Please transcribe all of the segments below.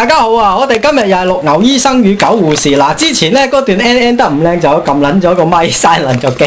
大家好啊！我哋今日又係六牛醫生與狗護士嗱，之前咧段 NN 得五靚就撳捻咗個咪，晒捻咗機。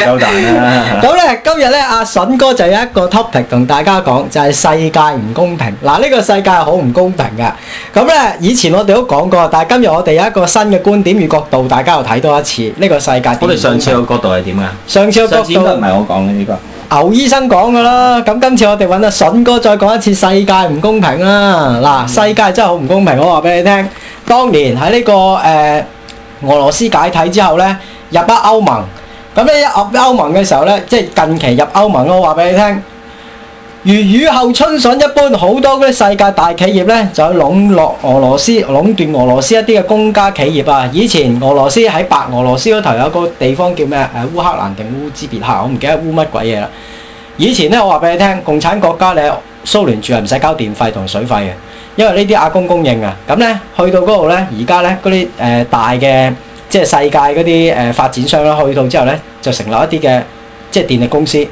咁咧，啊、今日咧阿筍哥就有一個 topic 同大家講，就係、是、世界唔公平。嗱，呢、這個世界好唔公平嘅。咁咧，以前我哋都講過，但係今日我哋有一個新嘅觀點與角度，大家又睇多一次呢、這個世界。我哋上次嘅角度係點啊？上次嘅角度唔係我講嘅呢個。牛醫生講㗎啦，咁今次我哋揾阿筍哥再講一次世界唔公平啦。嗱，世界真係好唔公平，我話俾你聽。當年喺呢個誒、呃、俄羅斯解體之後呢，入咗歐盟。咁你一入歐盟嘅時候呢，即係近期入歐盟，我話俾你聽。如雨後春筍一般，好多嗰啲世界大企業咧就籠絡俄羅斯，壟斷俄羅斯一啲嘅公家企業啊！以前俄羅斯喺白俄羅斯嗰頭有個地方叫咩？誒、呃、烏克蘭定烏茲別克？我唔記得烏乜鬼嘢啦！以前咧，我話俾你聽，共產國家你蘇聯住係唔使交電費同水費嘅，因為呢啲阿公供應啊。咁咧去到嗰度咧，而家咧嗰啲誒大嘅，即係世界嗰啲誒發展商咧去到之後咧，就成立一啲嘅即係電力公司。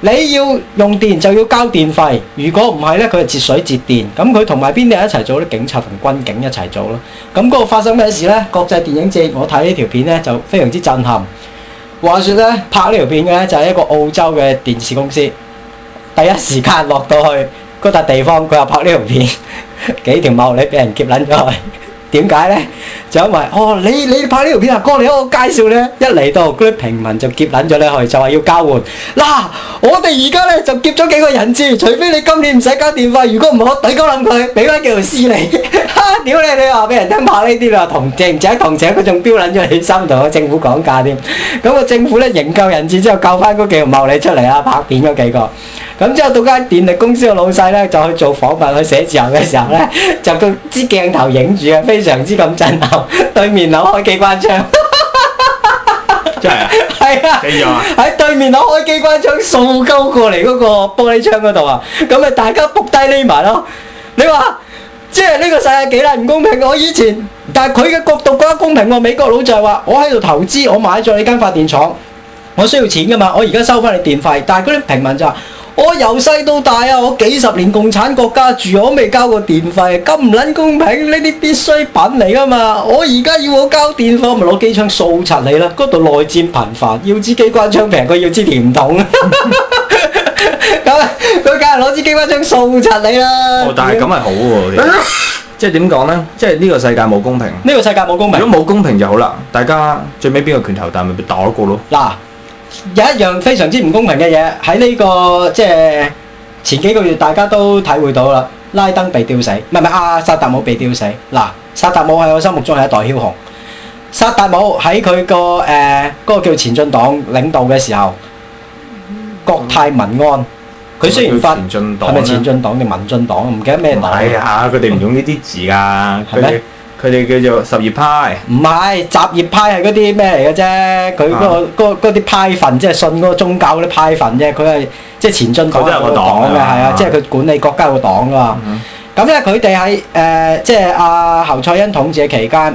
你要用電就要交電費，如果唔係咧，佢就節水節電。咁佢同埋邊啲人一齊做，啲警察同軍警一齊做啦。咁嗰個發生咩事咧？國際電影節我睇呢條片咧就非常之震撼。話說咧，拍呢條片嘅咧就係一個澳洲嘅電視公司，第一時間落到去嗰笪地方，佢又拍呢條片，幾條茂利俾人劫撚咗去。點解咧？就因為哦，你你拍呢條片啊，哥，你嚟我介紹咧，一嚟到嗰啲平民就劫撚咗你去，就話要交換。嗱，我哋而家咧就劫咗幾個人質，除非你今年唔使交電話。如果唔好，我底哥諗佢俾翻條屍你。哈，哈！屌你，你話俾人聽拍呢啲啦，同情仔同情佢仲標撚咗你心，同個政府講價添。咁、嗰個政府咧營救人質之後，救翻嗰幾條茂利出嚟啊！拍片嗰幾個。咁之後到間電力公司嘅老細咧，就去做訪問去寫字樓嘅時候咧，就到支鏡頭影住嘅，非常之咁震撼。對面樓開機關槍，真 係啊！係啊，喺、啊、對面樓開機關槍掃鳩過嚟嗰個玻璃窗嗰度啊！咁、嗯、咪大家撲低匿埋咯。你話即係呢個世界幾啦？唔公平！我以前但係佢嘅角度覺得公平喎。美國佬話：我喺度投資，我買咗呢間發電廠，我需要錢㗎嘛。我而家收翻你電費，但係嗰啲平民就話。我由細到大啊！我幾十年共產國家住，我未交過電費。咁唔撚公平？呢啲必需品嚟噶嘛？我而家要我交電費，咪攞機槍掃柒你啦！嗰度內戰頻繁，要支機關槍平佢要支甜筒。咁佢梗係攞支機關槍掃柒你啦，哦！但係咁係好喎， 即係點講呢？即係呢個世界冇公平。呢個世界冇公平。如果冇公平就好啦，大家最尾邊個拳頭大咪打一個咯？嗱。啊有一樣非常之唔公平嘅嘢喺呢個即係前幾個月大家都體會到啦，拉登被吊死，唔係，唔係啊薩達姆被吊死。嗱、啊，薩達姆喺我心目中係一代梟雄，薩達姆喺佢個誒嗰個叫前進黨領導嘅時候，國泰民安。佢、嗯、雖然發前進黨係咪前進黨定民進黨唔記得咩黨？係啊，佢哋唔用呢啲字噶，係咪、嗯？嗎佢哋叫做什葉、那個啊那個、派，唔係集業派，係嗰啲咩嚟嘅啫？佢嗰個嗰嗰啲派份，即係信嗰個宗教嗰啲派份啫。佢係即係前進黨嗰個黨嘅，係、呃、啊，即係佢管理國家個黨噶嘛。咁咧，佢哋喺誒，即係阿侯賽因統治嘅期間。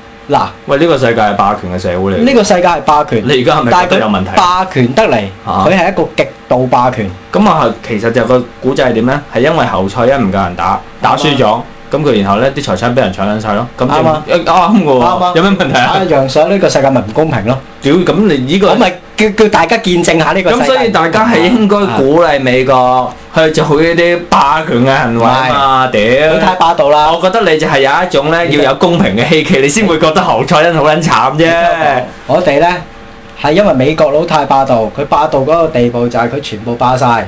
嗱，喂！呢、這個世界係霸權嘅社會嚟，呢個世界係霸權，你而家係咪佢有問題？霸權得嚟，佢係、啊、一個極度霸權。咁啊，其實就個古仔係點呢？係因為侯賽因唔夠人打，打輸咗。咁佢然後咧啲財產俾人搶緊晒咯，啱啊，啱嘅喎，啊啊、有咩問題啊？一樣所以呢個世界咪唔公平咯，啊？屌，咁你呢個咁咪叫叫大家見證下呢個咁，所以大家係應該鼓勵美國、啊、去做呢啲霸權嘅行為啊，屌，麼太霸道啦！我覺得你就係有一種咧要有公平嘅希冀，你先會覺得侯賽因好撚慘啫。我哋咧係因為美國佬太霸道，佢霸道嗰個地步就係佢全部霸晒。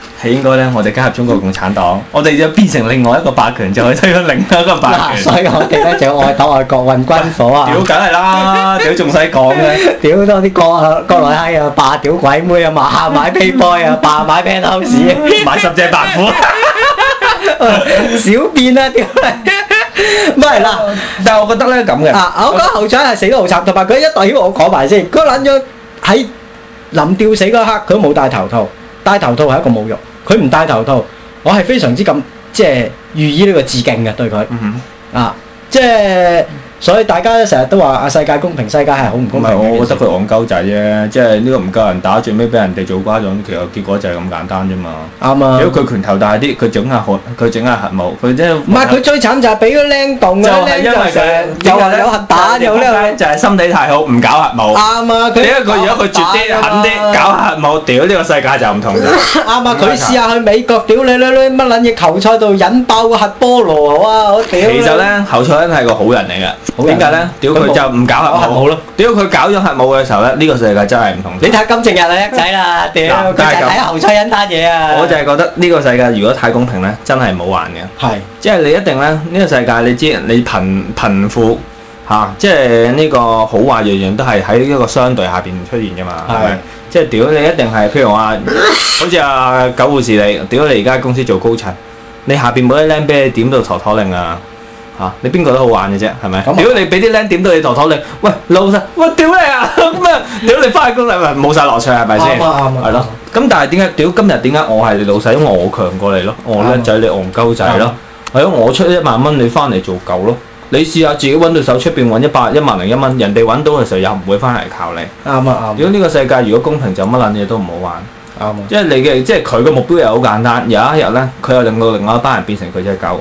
佢應該咧，我哋加入中國共產黨，我哋就變成另外一個霸權，就可以推翻另外一個霸權。啊、所以我記得，就要愛黨愛國運軍火啊！屌梗係啦，屌仲使講嘅，屌多啲國啊，國內閪啊，霸屌鬼妹啊，馬下買 Payboy 啊，霸買 Bandhouse，啊、 買十隻白虎。 小變啊，屌你，唔係啦，但係我覺得咧咁嘅啊，我講後生係死都好慘，同埋佢一代屌，我講埋先。佢諗咗，喺臨吊死嗰刻，佢都冇戴頭套，戴頭套係一個侮辱。佢唔戴頭套，我係非常之咁即係寓意呢個致敬嘅對佢、嗯、哼啊，即係。所以大家成日都話啊，世界公平，世界係好唔公平。唔係我覺得佢戇鳩仔啫，即係呢個唔夠人打，最尾俾人哋做瓜種，其實結果就係咁簡單啫嘛。啱啊！如果佢拳頭大啲，佢整下核佢整下核武，佢真係唔係佢最慘就係俾個僆動就係因為佢有有核打，彈。呢個就係心地太好，唔搞核武。啱啊！佢如果佢絕啲狠啲搞核武，屌呢個世界就唔同。啱啊！佢試下去美國，屌你乜撚嘢球賽度引爆個核菠蘿好啊！我屌其實咧，侯賽因真係個好人嚟嘅。點解咧？屌佢就唔搞核武咯！屌佢搞咗核武嘅時候咧，呢個世界真係唔同。你睇金正日啊，叻仔啦，屌佢睇後妻恩單嘢啊！我就係覺得呢個世界如果太公平咧，真係冇玩嘅。係，即係你一定咧，呢個世界你知，你貧貧富吓，即係呢個好壞樣樣都係喺一個相對下邊出現噶嘛。係，即係屌你一定係，譬如話，好似狗護士你，屌你而家公司做高層，你下邊冇得拎俾你點做陀陀令啊！吓、啊、你邊個都好玩嘅啫，係咪這樣、啊？ 如果你俾啲靚點到你頭頭你，喂老細，喂屌你啊咩？屌你翻去公司咪冇晒樂趣係咪先？係咯。咁但係點解屌今日點解我係你老細？因為我強過你咯，嗯、我叻仔、就是、你戇鳩仔咯。係咯、嗯 哎，我出一萬蚊你翻嚟做狗咯。你試下自己搵到手出邊搵一百一萬零一蚊，人哋搵到嘅時候又唔會翻嚟靠你。啱啱、嗯，啱、嗯。嗯、如果呢個世界如果公平就乜捻嘢都唔好玩。啱啊、嗯。因、嗯、為你嘅即係佢嘅目標又好簡單，有一日呢，佢又令到另外一班人變成佢隻狗。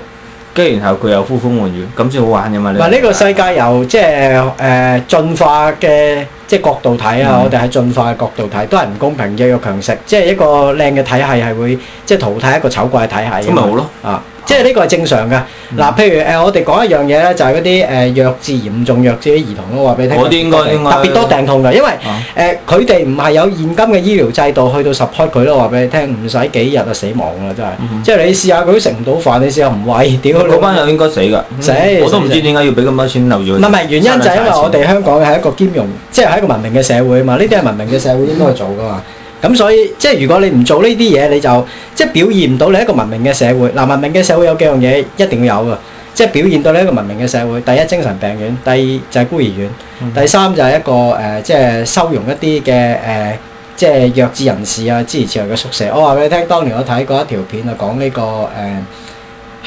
跟然後佢又呼風喚雨，咁先好玩嘅嘛。嗱，呢個世界由即係誒進化嘅即係角度睇啊，嗯、我哋喺進化嘅角度睇，都係唔公平嘅，弱肉強食。即係一個靚嘅體系係會即係淘汰一個醜怪嘅體系。咁咪好咯啊！即係呢個係正常嘅嗱，譬如誒我哋講一樣嘢咧，就係嗰啲誒弱智嚴重弱智啲兒童，都話俾你聽，應該特別多病痛㗎，因為誒佢哋唔係有現金嘅醫療制度去到 support 佢都話俾你聽，唔使幾日就死亡㗎喇真係，即係你試下佢都食唔到飯，你試下唔餵，屌！嗰班又應該死㗎，死！我都唔知點解要俾咁多錢留住佢。唔係唔係，原因就係因為我哋香港係一個兼容，即係喺一個文明嘅社會嘛，呢啲係文明嘅社會應該去做㗎嘛。咁所以即係如果你唔做呢啲嘢，你就即係表現唔到你一個文明嘅社會。嗱，文明嘅社會有幾樣嘢一定要有嘅，即係表現到你一個文明嘅社會。第一，精神病院，第二就係孤兒院，第三就係一個誒，即係收容一啲嘅誒，即係弱智人士啊，諸如此類嘅宿舍。我話俾你聽，當年我睇過一條片啊，講呢個誒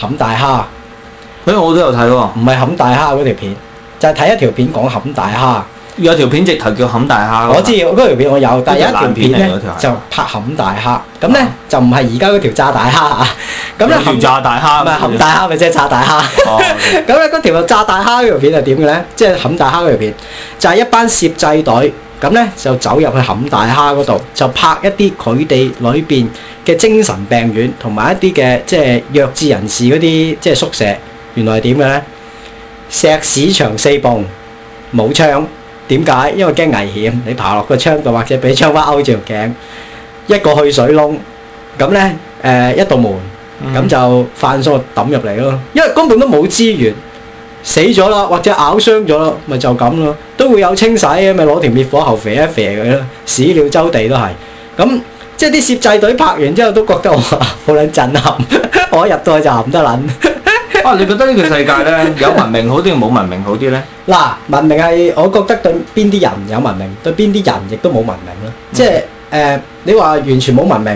冚大蝦。誒，我都有睇喎。唔係冚大蝦嗰條片，就係睇一條片講冚大蝦。有條片直頭叫冚大蝦，我知嗰條片我有，但係有一條片咧就拍冚大蝦咁咧，就唔係而家嗰條炸大蝦啊。咁冚炸大蝦唔係冚大蝦，咪即係炸大蝦。咁咧嗰條炸大蝦嗰條片係點嘅咧？即係冚大蝦嗰條片就係一班攝製隊咁咧，就走入去冚大蝦嗰度，就拍一啲佢哋裏邊嘅精神病院同埋一啲嘅即係弱智人士嗰啲即係宿舍。原來係點嘅咧？石屎長四泵冇窗。武昌點解？因為驚危險，你爬落個窗度，或者俾窗花勾住條頸，一個去水窿，咁咧，誒，一道門，咁就犯錯抌入嚟咯。因為根本都冇資源，死咗啦，或者咬傷咗咯，咪就咁咯。都會有清洗，咪攞條滅火喉肥一肥佢咯，屎尿周地都係。咁即係啲攝製隊拍完之後都覺得我好捻震撼，我一入到去就唔得諗。啊！你覺得呢個世界咧，有文明好啲，冇文明好啲咧？嗱，文明係我覺得對邊啲人有文明，對邊啲人亦都冇文明咯。即係誒，你話完全冇文明，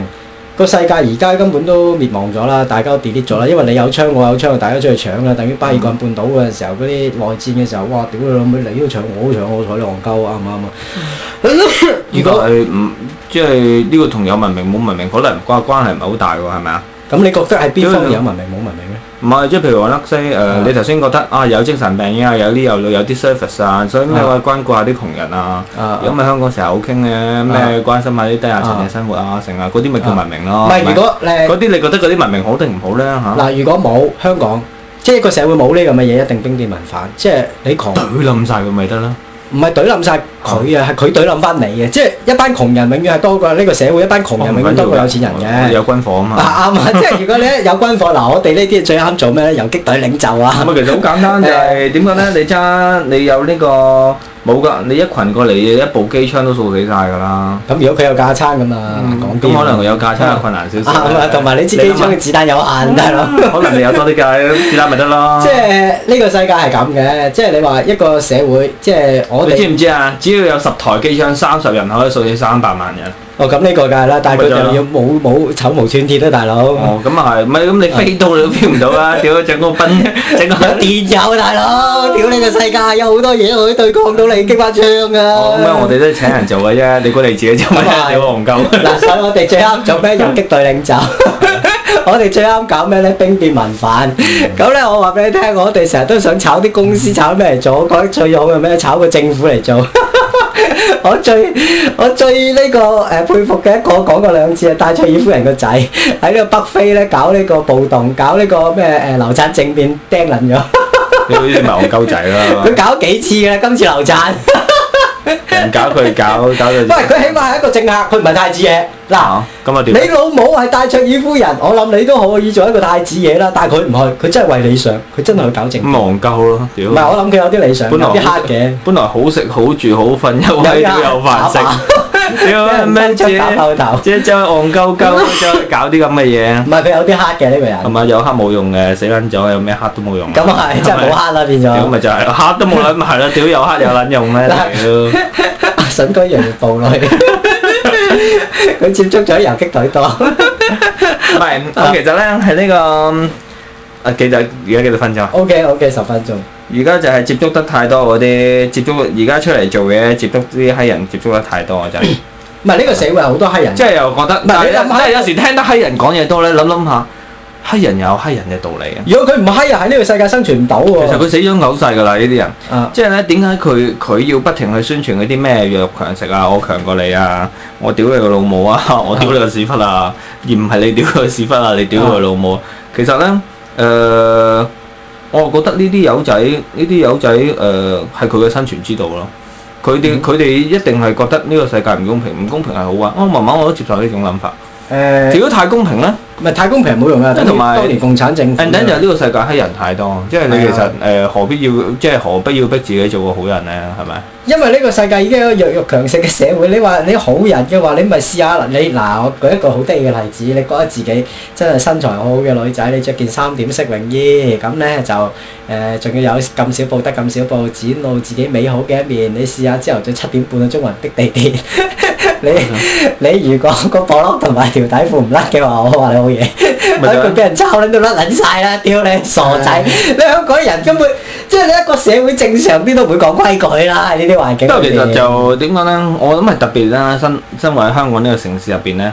個、嗯呃、世界而家根本都滅亡咗啦，大家都 delete 咗啦。因為你有槍，我有槍，大家出去搶啦。等於巴爾幹半島嗰陣時候嗰啲內戰嘅時候，哇、嗯！屌你老妹，你都搶我要搶，好搶我，睬你戇鳩啊！啱唔啱啊？ 如果係唔即係呢個同有文明冇文明可能關關係唔係好大喎？係咪啊？咁、嗯、你覺得係邊方面有文明冇文明？唔係，即係譬如話 Luxi 誒，呃啊、你頭先覺得啊有精神病人啊，有啲有有啲 service 啊，所以咁你話關顧下啲窮人啊，如果咪香港成日好傾嘅咩關心下啲低下層嘅生活啊，成啊嗰啲咪叫文明咯。唔係、啊，是如果嗰啲，是你，是你覺得嗰啲文明好定唔好咧嚇？嗱，如果冇香港，即係一個社會冇呢咁嘅嘢，一定封建文化，即係你狂濫曬佢咪得啦。唔係懟冧晒佢啊，係佢懟冧翻你嘅。即係一班窮人永遠係多過呢個社會，一班窮人永遠多過有錢人嘅。有軍火啊嘛，啱啊！ 即係如果你有軍火，嗱 我哋呢啲最啱做咩咧？游擊隊領袖啊，其實好簡單就係點講咧？你揸，你有呢個。冇噶，你一群過嚟，一部機槍都掃死晒噶啦。咁如果佢有架撐噶嘛，咁、嗯、完可能有架撐困難少少。係同埋你支機槍嘅子彈有限，係咯。吧可能你有多啲架 子彈咪得咯。即係呢、呢個世界係咁嘅，即係你話一個社會，即係我哋。你知唔知啊？只要有十台機槍，三十人可以掃死三百萬人。哦，咁呢個梗係啦，但係佢就要冇冇丑無寸鐵啦，大佬。哦，咁啊係，唔係咁你飛到你都飛唔到啦，屌！整個笨，整個電郵啊，大佬！屌！你個世界有好多嘢可以對抗到你，激翻槍啊！咁啊，我哋都係請人做嘅啫，你估你自己做唔夠。嗱，所以我哋最啱做咩？遊擊隊領袖。我哋最啱搞咩咧？兵變民反。咁咧，我話俾你聽，我哋成日都想炒啲公司炒咩嚟做，覺得最慘嘅咩？炒個政府嚟做。我最我最呢、這個誒、呃、佩服嘅一個講過兩次啊，戴卓爾夫人個仔喺呢個北非咧搞呢個暴動，搞呢個咩誒、呃、流產政變，釘冧咗。你嗰啲咪戇鳩仔啦！佢搞幾次㗎，今次流產。 唔搞佢搞，搞到喂，佢起碼係一個政客，佢唔係太子爺嗱。咁啊點，你老母係戴卓爾夫人，我諗你都可以做一個太子爺啦。但佢唔去，佢真係為理想，佢真係去搞政。戇鳩咯，唔係我諗佢有啲理想，本來有啲黑嘅。本來好食好住好瞓，因為佢有飯食。 屌，咩事？即係將戇鳩鳩，將搞啲咁嘅嘢。唔係佢有啲黑嘅呢個人。係咪有黑冇用嘅？死撚咗，有咩黑都冇用。咁啊係，真係冇黑啦，變咗。咁咪就係，黑都冇撚，係啦，屌有黑有撚用咩？阿沈居仁要報落去，佢接觸咗游擊隊多。唔係，我其實咧喺呢個，啊幾多？而家幾多分鐘？OK，OK，十分鐘。而家就係接觸得太多嗰啲接觸，而家出嚟做嘢，接觸啲黑人接觸得太多啊！真係，唔係呢個社會好多黑人，即係又覺得，但係有時聽得黑人講嘢多咧，諗諗下，黑人有黑人嘅道理啊。如果佢唔係黑人喺呢個世界生存唔到喎。其實佢死咗嘔晒㗎啦，呢啲人，即係咧點解佢佢要不停去宣傳嗰啲咩弱肉強食啊？我強過你啊！我屌你個老母啊！我屌你個屎忽啊！而唔係你屌佢屎忽啊！你屌佢老母！其實咧，誒。我覺得呢啲友仔，呢啲友仔，誒、呃，係佢嘅生存之道咯。佢哋佢哋一定係覺得呢個世界唔公平，唔公平係好啊。我慢慢我都接受呢種諗法。誒、呃，如果太公平咧？唔係太公平，冇用啊！同埋，當年共產政府、啊，等就呢個世界欺人太多，即係你其實誒是、啊呃、何必要，即係何必要逼自己做個好人咧？係咪？因為呢個世界已經係弱肉強食嘅社會，你話你好人嘅話，你咪試下。你嗱、啊，我舉一個好得意嘅例子，你覺得自己真係身材好嘅女仔，你着件三點式泳衣，咁咧就誒，仲、呃、要有咁少布得咁少布展露自己美好嘅一面。你試下朝頭早七點半嘅中環逼地鐵， 你、嗯、你如果個波褸同埋條底褲唔甩嘅話，我話你。嘢，一句俾人抄你都甩卵曬啦！屌你，傻仔！你香港人根本即係你一個社會正常啲都唔會講規矩啦！呢啲環境都其實就點講咧？我諗係特別啦，身身為喺香港呢個城市入邊咧，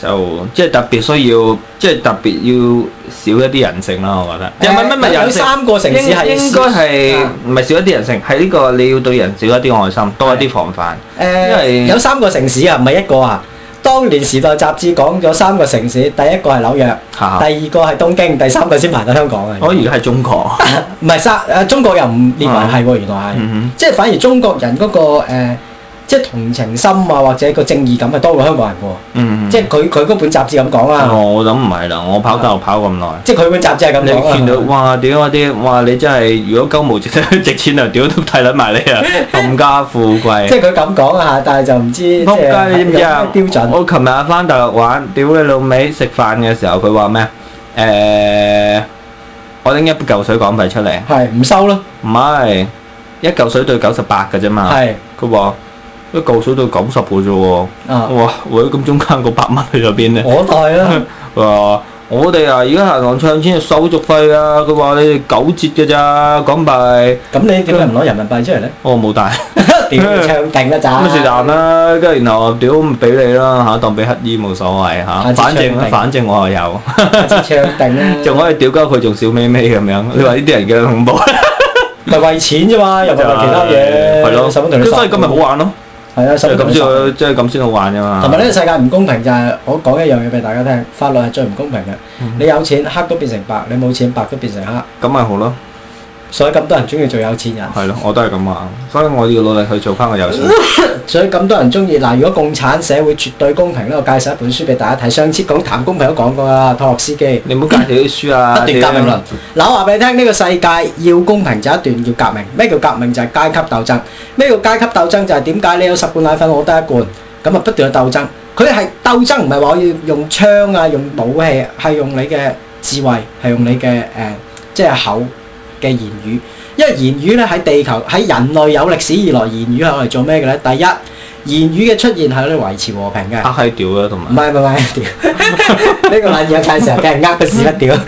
就即係特別需要，即係特別要少一啲人性啦。我覺得。有三個城市係應該係唔係少一啲人性？係呢個你要對人少一啲愛心，多一啲防範。誒，有三個城市啊，唔係一個啊。當年時代雜誌講咗三個城市，第一個係紐約，啊、第二個係東京，第三個先排到香港啊！我而家係中國，唔係三誒中國又唔列埋係喎，啊、原來係，嗯、哼即係反而中國人嗰、嗰個、呃即係同情心啊，或者個正義感係多過香港人喎。嗯，即係佢佢嗰本雜誌咁講啦。我諗唔係啦，我跑大陸跑咁耐。即係佢本雜誌係咁講。你見到哇屌啊啲哇！你真係如果鳩毛值錢啊，屌都睇撚埋你啊，冚家富貴。即係佢咁講嚇，但係就唔知。撲街你知唔知啊？標準。我琴日翻大陸玩，屌你老味食飯嘅時候，佢話咩啊？誒，我拎一嚿水港幣出嚟。係唔收咯？唔係一嚿水對九十八嘅啫嘛。係佢話。一嚿水到九十嘅啫喎，哇！喂，咁中間個百蚊去咗邊咧？我帶啦，啊！我哋啊，而家銀行唱先收手續費啊，佢話你九折嘅咋，港幣。咁你點解唔攞人民幣出嚟咧？我冇帶，點唱定得咋？乜事攢啦？跟住然後屌俾你啦嚇，當俾乞衣冇所謂嚇，反正反正我又有，點唱定咧？仲可以屌鳩佢，仲笑眯眯咁樣。你話呢啲人幾恐怖？咪為錢咋嘛？又唔係為其他嘢。係咯，咁所以咁咪好玩咯～即係咁先，即係咁先好玩㗎嘛。同埋呢個世界唔公平就係，我講一樣嘢俾大家聽，法律係最唔公平嘅。你有錢黑都變成白，你冇錢白都變成黑，咁咪好咯。所以咁多人中意做有錢人，係咯，我都係咁話，所以我要努力去做返個有錢人。 所以咁多人中意嗱，如果共產社會絕對公平咧，我介紹一本書俾大家睇，上次講談公平都講過啦，托洛斯基。你唔好介紹啲書啊，不斷 革命論。嗱， 我話俾你聽，呢、這個世界要公平就一段要革命。咩叫革命？就係、是、階級鬥爭。咩叫階級鬥爭？就係點解你有十罐奶粉，我得一罐，咁啊不斷有鬥爭。佢係鬥爭，唔係話我要用槍啊，用武器，係用你嘅智慧，係用你嘅誒，即係口。嗯嗯嗯嗯嗯嗯嘅言語，因為言語咧喺地球喺人類有歷史以來，言語係攞嚟做咩嘅咧？第一，言語嘅出現係攞嚟維持和平嘅。嚇係屌啦，動物！唔係唔係屌，呢 個爛嘢成日俾人呃嘅屎忽屌！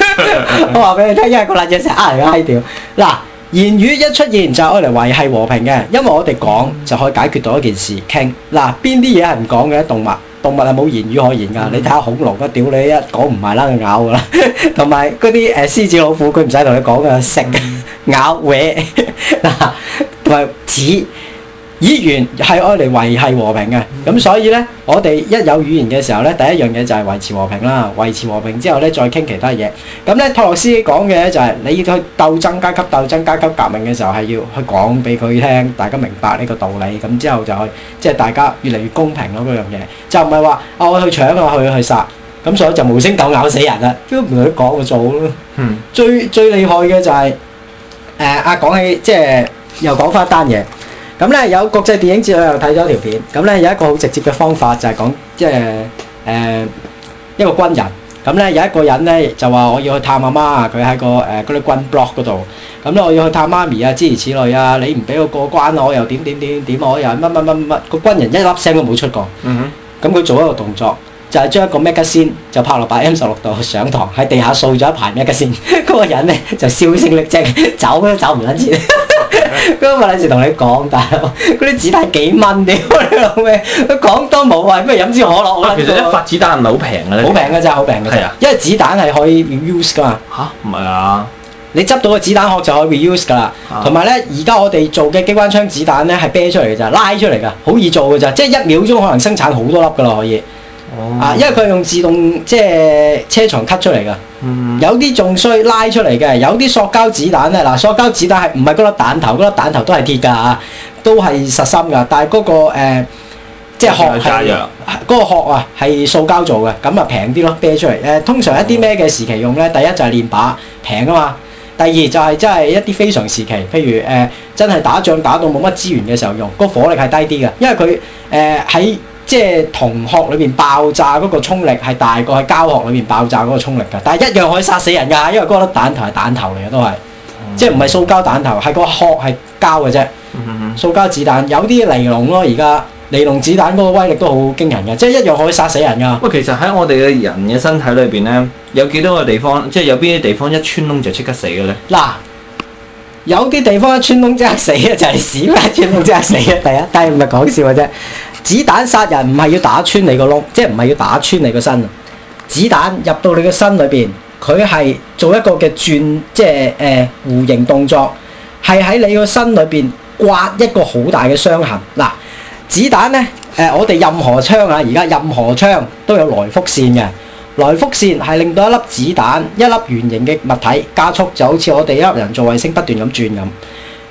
我話俾你聽，因為個爛嘢成日呃人嘅閪屌。嗱，言語一出現就係攞嚟維係和平嘅，因為我哋講就可以解決到一件事，傾。嗱，邊啲嘢係唔講嘅動物？動物係冇言語可言㗎，嗯、你睇下恐龍啊，屌你一講唔埋啦，佢咬㗎啦，同埋嗰啲誒獅子老虎，佢唔使同你講嘅，食、咬、喂、嗱， 同埋屎。語言係愛嚟維係和平嘅，咁所以咧，我哋一有語言嘅時候咧，第一樣嘢就係維持和平啦。維持和平之後咧，再傾其他嘢。咁咧，托洛斯基講嘅就係你要去鬥爭階級、鬥爭階級革命嘅時候，係要去講俾佢聽，大家明白呢個道理。咁之後就去，即係大家越嚟越公平咯。嗰樣嘢就唔係話啊我去搶啊我去去殺，咁所以就無聲狗咬死人啦。都唔去講去做咯。嗯。最最厲害嘅就係誒啊！講起即係又講翻單嘢。咁咧有國際電影節我又睇咗條片，咁咧有一個好直接嘅方法就係講，即係誒一個軍人，咁咧有一個人咧就話我要去探阿媽，佢喺個誒嗰啲軍 blog 嗰度，咁咧我要去探媽咪啊，諸如此類啊，你唔俾我過關，我又點點點點，我又乜乜乜乜乜，個軍人一粒聲都冇出過，咁佢做一個動作，就係將一個咩吉先就拍落把 M 十六度上堂喺地下掃咗一排咩吉先，嗰個人咧就消聲匿跡，走都走唔甩住。嗰個陣時同你講，但係嗰啲子彈幾蚊，屌你老味，佢講多冇謂，不如飲支可樂。哇、啊！其實一發子彈係好平嘅。噶，好平噶咋，好平噶。因為子彈係可以 reuse 噶嘛。嚇唔係啊？啊你執到個子彈殼就可以 reuse 噶啦。同埋咧，而家我哋做嘅機關槍子彈咧係啤出嚟嘅咋，拉出嚟噶，好易做噶咋，即係一秒鐘可能生產好多粒噶啦可以。啊，因為佢係用自動即係車床 cut 出嚟㗎、嗯，有啲仲需拉出嚟嘅，有啲塑膠子彈咧，嗱、啊、塑膠子彈係唔係嗰粒彈頭？嗰粒彈頭都係鐵㗎啊，都係實心㗎，但係嗰、嗰個、呃、即係殼係嗰個殼啊係塑膠做嘅，咁啊平啲咯，啤出嚟。誒、呃、通常一啲咩嘅時期用咧？嗯、第一就係練靶，平啊嘛。第二就係即係一啲非常時期，譬如誒、呃、真係打仗打到冇乜資源嘅時候用，個火力係低啲嘅，因為佢誒喺。呃呃即係銅殼裏邊爆炸嗰個衝力係大過喺膠殼裏邊爆炸嗰個衝力嘅，但係一樣可以殺死人㗎，因為嗰粒彈頭係彈頭嚟嘅都係，即係唔係塑膠彈頭，係個殼係膠嘅啫。塑膠子彈有啲尼龍咯，而家尼龍子彈嗰個威力都好驚人嘅，即係一樣可以殺死人㗎。喂，其實喺我哋嘅人嘅身體裏邊咧，有幾多個地方，即係有邊啲地方一穿窿就即刻死嘅咧？嗱，有啲地方一穿窿即刻死嘅就係屎窟穿窿即刻死嘅，第一，但係唔係講笑嘅啫。子彈殺人唔係要打穿你個窿，即係唔係要打穿你個身。子彈入到你個身裏邊，佢係做一個嘅轉，即係誒、呃、弧形動作，係喺你個身裏邊刮一個好大嘅傷痕。嗱，子彈咧，誒、呃、我哋任何槍啊，而家任何槍都有來福線嘅，來福線係令到一粒子彈一粒圓形嘅物體加速，就好似我哋一粒人造衛星不斷咁轉咁。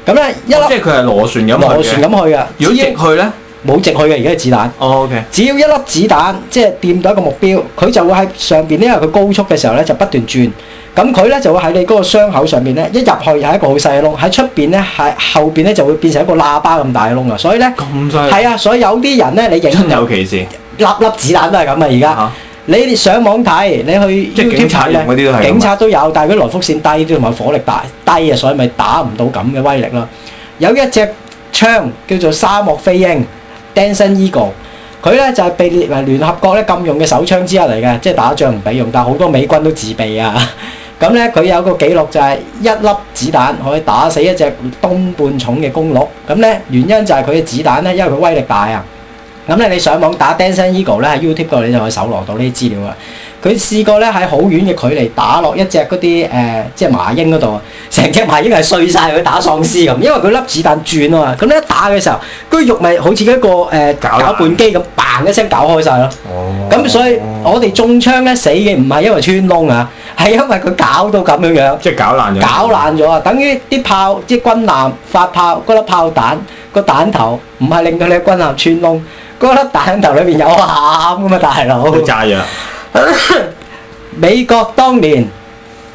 咁咧一粒即係佢係螺旋咁去螺旋咁去啊！如果逆佢咧？冇直去嘅，而家係子彈。哦，OK。只要一粒子彈，即係掂到一個目標，佢就會喺上邊。因為佢高速嘅時候咧，就不斷轉。咁佢咧就會喺你嗰個傷口上邊咧，一入去又係一個好細嘅窿。喺出邊咧，係後邊咧就會變成一個喇叭咁大嘅窿啊！所以咧，咁犀利。係啊，所以有啲人咧，你認真有其事。粒粒子彈都係咁啊！而家、啊、你哋上網睇，你去 YouTube 咧，警察都有，但係佢來福線低啲同埋火力大低啊，所以咪打唔到咁嘅威力咯。有一隻槍叫做沙漠飛鷹，Dancing Eagle，佢咧就係、是、被列為聯合國咧禁用嘅手槍之一嚟嘅，即係打仗唔俾用，但係好多美軍都自備啊。咁咧佢有個記錄就係一粒子彈可以打死一隻東半重嘅公鹿。咁、嗯、咧原因就係佢嘅子彈咧，因為佢威力大啊。咁咧，你上網打 Dancing Eagle 咧喺 YouTube 嗰度，你就可以搜羅到呢啲資料啊。佢試過咧喺好遠嘅距離打落一隻嗰啲誒，即係麻鷹嗰度啊，成隻麻鷹係碎晒，佢打喪屍咁，因為佢粒子彈轉啊嘛。咁咧一打嘅時候，佢肉咪好似一個誒攪、呃、爛拌機咁嘭一聲搞開晒咯、哦。哦，咁所以我哋中槍咧死嘅唔係因為穿窿啊，係因為佢搞到咁樣樣。即係搞爛咗。搞爛咗啊！嗯、等於啲炮，即係軍艦發炮嗰粒炮彈個彈頭，唔係令到你軍艦穿窿。嗰粒彈頭裏邊有餡咁啊，大佬！炸藥。 美國當年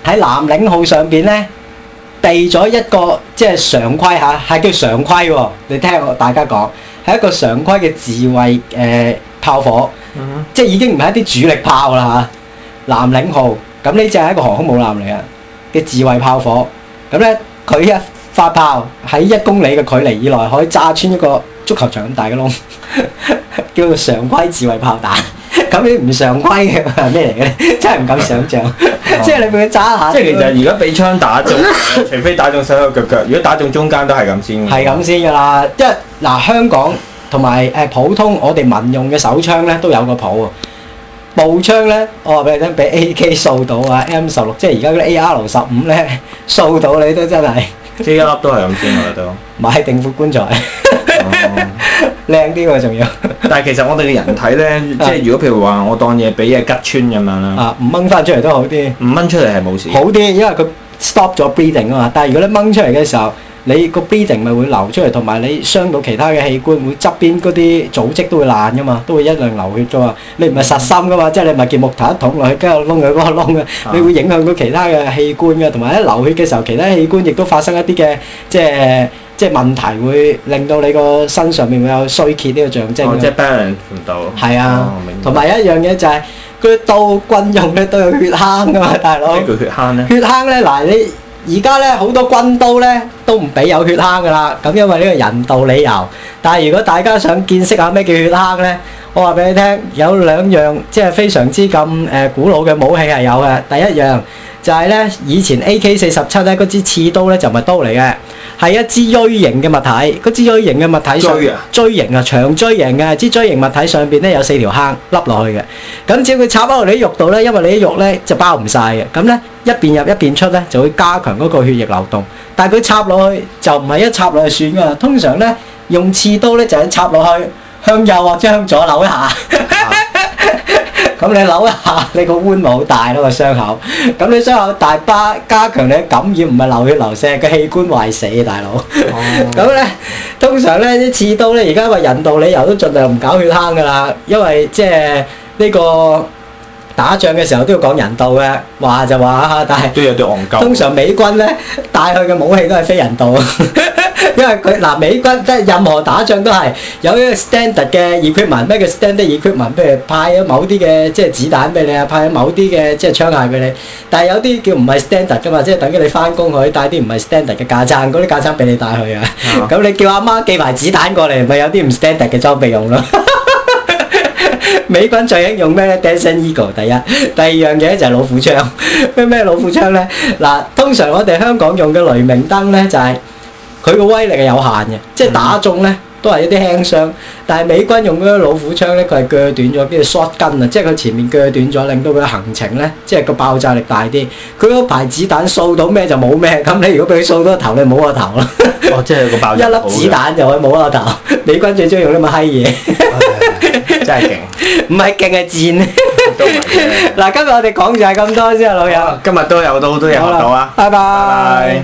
喺南領號上邊咧，備咗一個即係常規嚇，係、啊、叫常規喎、哦。你聽我大家講，係一個常規嘅自衛誒炮火，uh huh. 即係已經唔係一啲主力炮啦嚇。南領號咁呢只係一個航空母艦嚟嘅嘅自衛炮火，咁咧佢一發炮喺一公里嘅距離以內可以炸穿一個足球場咁大嘅窿，叫做常規自衛炮彈。 咁你唔常規嘅係咩嚟嘅咧？ 真係唔敢想象。 即係你俾佢揸下。即係其實如果俾槍打中，除非打中手手腳腳，如果打中中間都係咁先。係咁先㗎啦，即係嗱香港同埋誒普通我哋民用嘅手槍咧都有個譜喎、啊。步槍咧，我話俾你聽，俾 AK 掃到啊，M 十六，即係而家嗰啲 AR 十五咧掃到你都真係。一粒都係咁先，我覺得。買定副褲棺材。 靚啲嘛，仲、啊、要。但係其實我哋嘅人體咧， 即係如果譬如話，我當嘢俾嘢拮穿咁樣啦。啊，唔掹翻出嚟都好啲。唔掹出嚟係冇事。好啲，因為佢 stop 咗 beating 啊嘛。但係如果你掹出嚟嘅時候，你個 beating 咪會流出嚟，同埋你傷到其他嘅器官，會側邊嗰啲組織都會爛噶嘛，都會一樣流血噶嘛。你唔係實心噶嘛，嗯、即係你咪件木頭一桶落去，跟住窿佢，窿佢，窿佢、啊，你會影響到其他嘅器官嘅，同埋一流血嘅時候，其他器官亦都發生一啲嘅即係。就是即係問題會令到你個身上面會有衰竭呢個象徵，即係 balance 唔到。係啊、哦，同埋一樣嘢就係、是、佢刀棍用嘅都有血坑噶嘛，大佬。咩叫血坑咧？血坑咧，嗱，你而家咧好多軍刀咧都唔俾有血坑噶啦，咁因為呢個人道理由。但係如果大家想見識下咩叫血坑咧，我話俾你聽，有兩樣即係非常之咁誒古老嘅武器係有嘅。第一樣就係咧以前 A K 四十七咧嗰支刺刀咧就唔係刀嚟嘅。係一支錐形嘅物體，支錐形嘅物體上錐形啊，形長錐形嘅支錐形物體上邊咧有四條坑凹落去嘅。咁只要佢插返落你啲肉度咧，因為你啲肉咧就包唔晒嘅。咁咧一邊入一邊出咧，就會加強嗰個血液流動。但係佢插落去，去就唔係一插落去算噶啦，通常咧用刺刀咧就係插落去向右或者向左扭一下。 咁你扭一下，你個彎好大咯個傷口。咁你傷口大巴加強你嘅感染，唔係流血流血，個器官壞死，大佬。哦。咁咧，通常咧啲刺刀咧，而家為人道理由都盡量唔搞血坑噶啦，因為即係呢個打仗嘅時候都要講人道嘅話就話啊，但係都有啲戇鳩。通常美軍咧帶去嘅武器都係非人道。因為佢嗱，美軍即係任何打仗都係有一個 standard 嘅 equipment，咩叫 standard equipment？譬如派咗某啲嘅即係子彈俾你啊，派咗某啲嘅即係槍械俾你。但係有啲叫唔係 standard 㗎嘛，即係等於你翻工可以帶啲唔係 standard 嘅架撐，嗰啲架撐俾你帶去啊。咁你叫阿媽寄埋子彈過嚟，咪有啲唔 standard 嘅裝備用咯。美軍最興用咩咧？Desert Eagle 第一，第二樣嘢就係老虎槍。咩咩老虎槍咧？嗱，通常我哋香港用嘅雷明登咧就係。佢個威力係有限嘅，即係打中咧都係一啲輕傷。但係美軍用嗰啲老虎槍咧，佢係鋸短咗，叫做 shot gun 啊！即係佢前面鋸短咗，令到佢行程咧，即係個爆炸力大啲。佢嗰排子彈掃到咩就冇咩。咁你如果俾佢掃到個頭，你冇個頭囉。哦，即係個爆炸力。一粒子彈就可以冇個頭。美軍最中意用啲咁嘅閪嘢，真係勁。唔係勁係賤。嗱，今日我哋講就係咁多先啦，老友。今日都有到，好多嘢學到。拜拜。